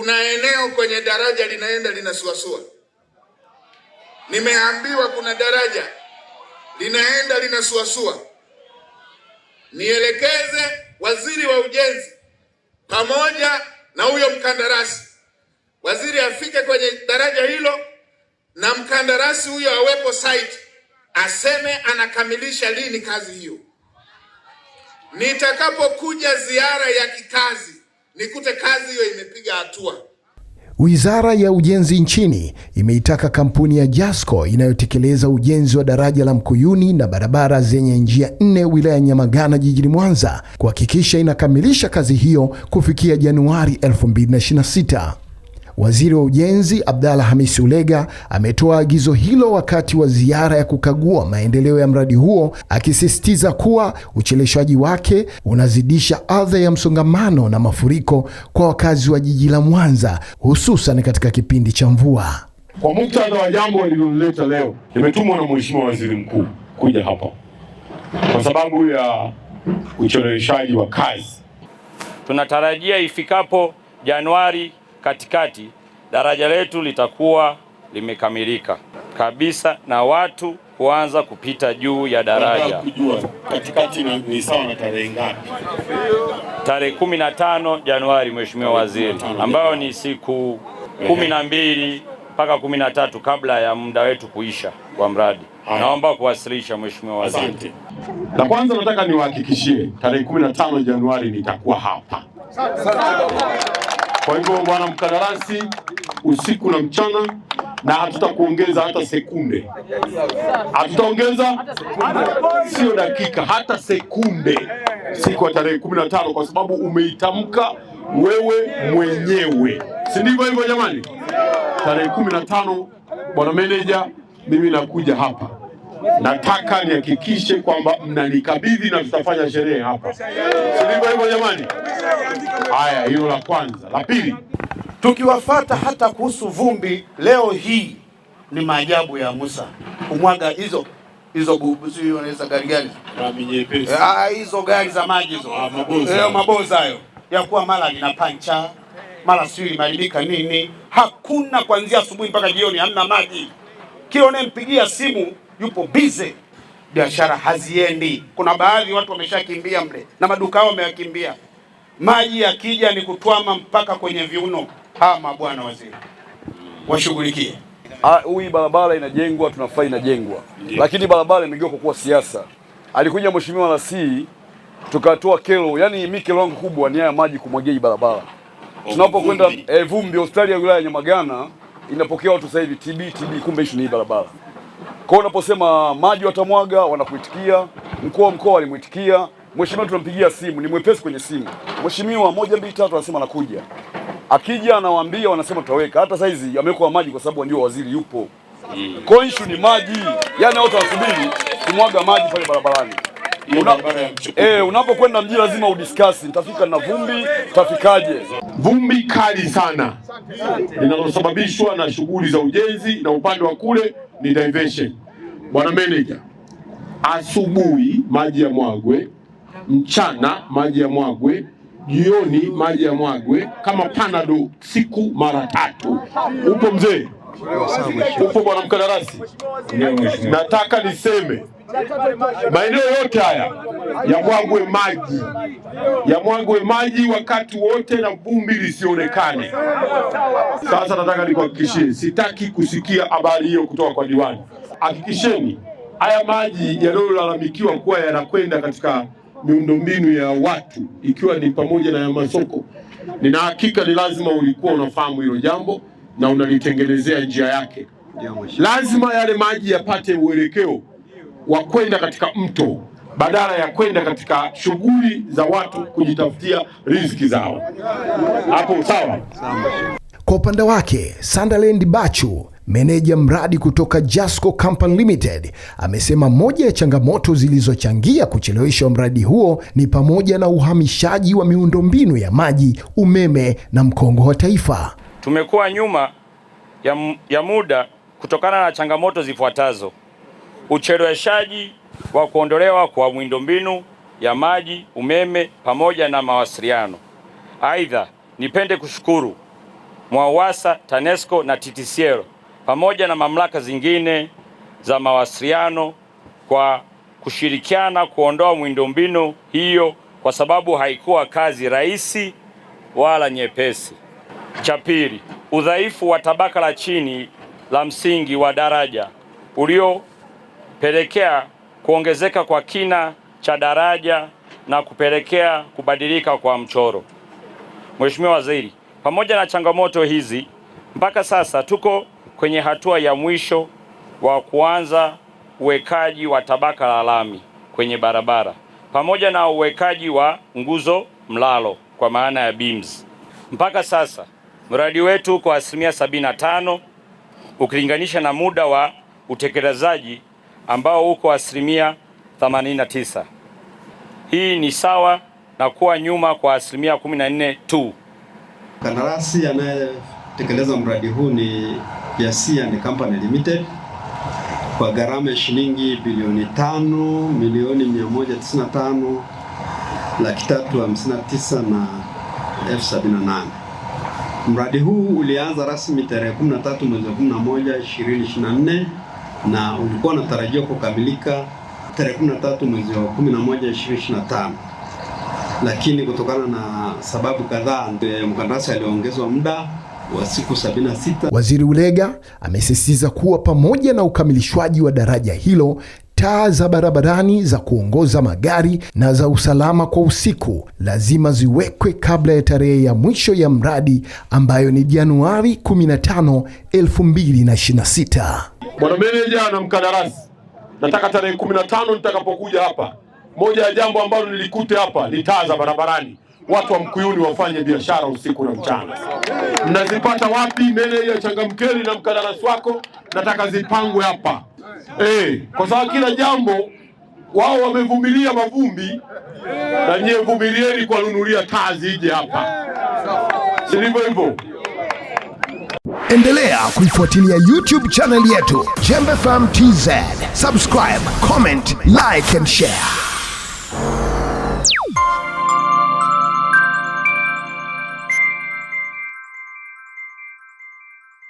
kuna eneo kwenye daraja linaenda linasuasua. Nimeambiwa kuna daraja linaenda linasuasua. Nielekeze waziri wa ujenzi pamoja na huyo mkandarasi, waziri afike kwenye daraja hilo na mkandarasi huyo awepo site, aseme anakamilisha lini kazi hiyo. Nitakapokuja ziara ya kikazi nikute kazi hiyo imepiga hatua. Wizara ya Ujenzi nchini imeitaka kampuni ya Jasco inayotekeleza ujenzi wa daraja la Mkuyuni na barabara zenye njia nne wilaya ya Nyamagana jijini Mwanza kuhakikisha inakamilisha kazi hiyo kufikia Januari 2026. Waziri wa Ujenzi Abdalla Hamisi Ulega ametoa agizo hilo wakati wa ziara ya kukagua maendeleo ya mradi huo, akisisitiza kuwa ucheleshwaji wake unazidisha adha ya msongamano na mafuriko kwa wakazi wa jiji la Mwanza, hususan katika kipindi cha mvua. Kwa muktadha wa jambo lililoleta leo, nimetumwa na Mheshimiwa Waziri Mkuu kuja hapa kwa sababu ya ucheleweshaji wa kazi. Tunatarajia ifikapo Januari katikati, daraja letu litakuwa limekamilika kabisa na watu kuanza kupita juu ya daraja. katikati ni sawa na tarehe ngapi? Tarehe 15 Januari, Mheshimiwa Waziri, ambayo ni siku kumi na mbili mpaka kumi na tatu kabla ya muda wetu kuisha kwa mradi. Naomba kuwasilisha Mheshimiwa Waziri. La kwanza nataka niwahakikishie tarehe 15 Januari nitakuwa hapa. Kwa hivyo bwana mkandarasi, usiku na mchana, na hatutakuongeza hata sekunde, hatutaongeza sio dakika, hata sekunde, siku ya tarehe kumi na tano kwa sababu umeitamka wewe mwenyewe, si ndivyo hivyo jamani? Tarehe kumi na tano, bwana meneja, mimi nakuja hapa nataka nihakikishe kwamba mnanikabidhi na tutafanya sherehe hapa, si ndivyo hivyo jamani? Haya, hilo la kwanza. La pili, tukiwafata hata kuhusu vumbi, leo hii ni maajabu ya Musa kumwaga hizo hizo gubu, sio wanaweza gari gani ah, hizo gari za maji hizo ah, eh, maboza hayo ya kuwa mara lina pancha mara sio imeharibika nini, hakuna kuanzia asubuhi mpaka jioni, hamna maji. Kila unayempigia simu yupo bize, biashara haziendi. Kuna baadhi watu wameshakimbia mle na maduka yao wameyakimbia. Maji yakija ni kutwama mpaka kwenye viuno. Hama bwana waziri, washughulikie hii ah, barabara. Inajengwa, tunafurahi inajengwa, lakini barabara imegeuka kuwa siasa. Alikuja mheshimiwa rasii, tukatoa kero, yani mi kero yangu kubwa ni haya maji kumwagia hii barabara oh, tunapokwenda eh, vumbi. Hospitali ya wilaya ya Nyamagana inapokea watu sasa hivi TB TB, kumbe ishu ni hii barabara. Kwa unaposema maji watamwaga, wanakuitikia. Mkuu wa mkoa alimuitikia, mheshimiwa, tunampigia simu, ni mwepesi kwenye simu, mheshimiwa, moja mbili tatu, anasema anakuja. Akija anawaambia, wanasema tutaweka. Hata saizi amekuwa maji, kwa sababu ndio waziri yupo. Mm. Kwa hiyo issue ni maji, yaani watu wanasubiri kumwaga maji pale barabarani. Una, eh, unapokwenda mji lazima udiskasi, nitafika na vumbi, tafikaje? Vumbi kali sana linalosababishwa na shughuli za ujenzi na upande wa kule ni diversion. Bwana meneja, asubuhi maji ya mwagwe, mchana maji ya mwagwe, jioni maji ya mwagwe, kama panado siku mara tatu. Upo mzee? Upo bwana mkandarasi? Nataka niseme maeneo yote haya yamwagwe maji, yamwagwe maji wakati wote na vumbi lisionekane. Sasa nataka nikuhakikishie, sitaki kusikia habari hiyo kutoka kwa diwani. Hakikisheni haya maji yanayolalamikiwa kuwa yanakwenda katika miundombinu ya watu ikiwa ni pamoja na ya masoko, nina hakika ni lazima ulikuwa unafahamu hilo jambo na unalitengenezea njia yake. Lazima yale maji yapate uelekeo wa kwenda katika mto badala ya kwenda katika shughuli za watu kujitafutia riziki zao. Hapo sawa? Kwa upande wake Sunderland Bachu meneja mradi kutoka Jasco Company Limited amesema moja ya changamoto zilizochangia kucheleweshwa mradi huo ni pamoja na uhamishaji wa miundombinu ya maji, umeme na mkongo wa taifa. Tumekuwa nyuma ya, ya muda kutokana na changamoto zifuatazo: ucheleweshaji wa kuondolewa kwa miundombinu ya maji, umeme pamoja na mawasiliano. Aidha, nipende kushukuru MWAUWASA, TANESCO na TTCL pamoja na mamlaka zingine za mawasiliano kwa kushirikiana kuondoa miundombinu hiyo kwa sababu haikuwa kazi rahisi wala nyepesi. Cha pili, udhaifu wa tabaka la chini la msingi wa daraja uliopelekea kuongezeka kwa kina cha daraja na kupelekea kubadilika kwa mchoro. Mheshimiwa Waziri, pamoja na changamoto hizi, mpaka sasa tuko kwenye hatua ya mwisho wa kuanza uwekaji wa tabaka la lami kwenye barabara pamoja na uwekaji wa nguzo mlalo kwa maana ya beams. Mpaka sasa mradi wetu kwa asilimia 75 ukilinganisha na muda wa utekelezaji ambao uko asilimia 89. Hii ni sawa na kuwa nyuma kwa asilimia 14 tu. Kandarasi anayetekeleza mradi huu ni Yasian Company Limited kwa gharama ya shilingi bilioni 5 milioni 195 laki 359 na tisa elfu sabini Mradi huu ulianza rasmi tarehe 13 mwezi wa 11 2024 na ulikuwa unatarajiwa kukamilika tarehe 13 mwezi wa 11 2025, lakini kutokana na sababu kadhaa mkandarasi aliongezwa muda wa siku 76. Waziri Ulega amesisitiza kuwa pamoja na ukamilishwaji wa daraja hilo taa za barabarani za kuongoza magari na za usalama kwa usiku lazima ziwekwe kabla ya tarehe ya mwisho ya mradi ambayo ni Januari 15, 2026. Bwana meneja na mkandarasi, nataka tarehe 15 nitakapokuja hapa, moja ya jambo ambalo nilikute hapa ni taa za barabarani. Watu wa Mkuyuni wafanye biashara usiku na mchana. Mnazipata wapi? Meneja, changamkeni na mkandarasi wako, nataka zipangwe hapa eh, kwa sababu kila jambo wao wamevumilia mavumbi na nyie vumilieni kuwanunulia kazi ije hapa, silivyo hivyo. Endelea kuifuatilia YouTube channel yetu Jembe FM TZ. Subscribe, comment, like and share.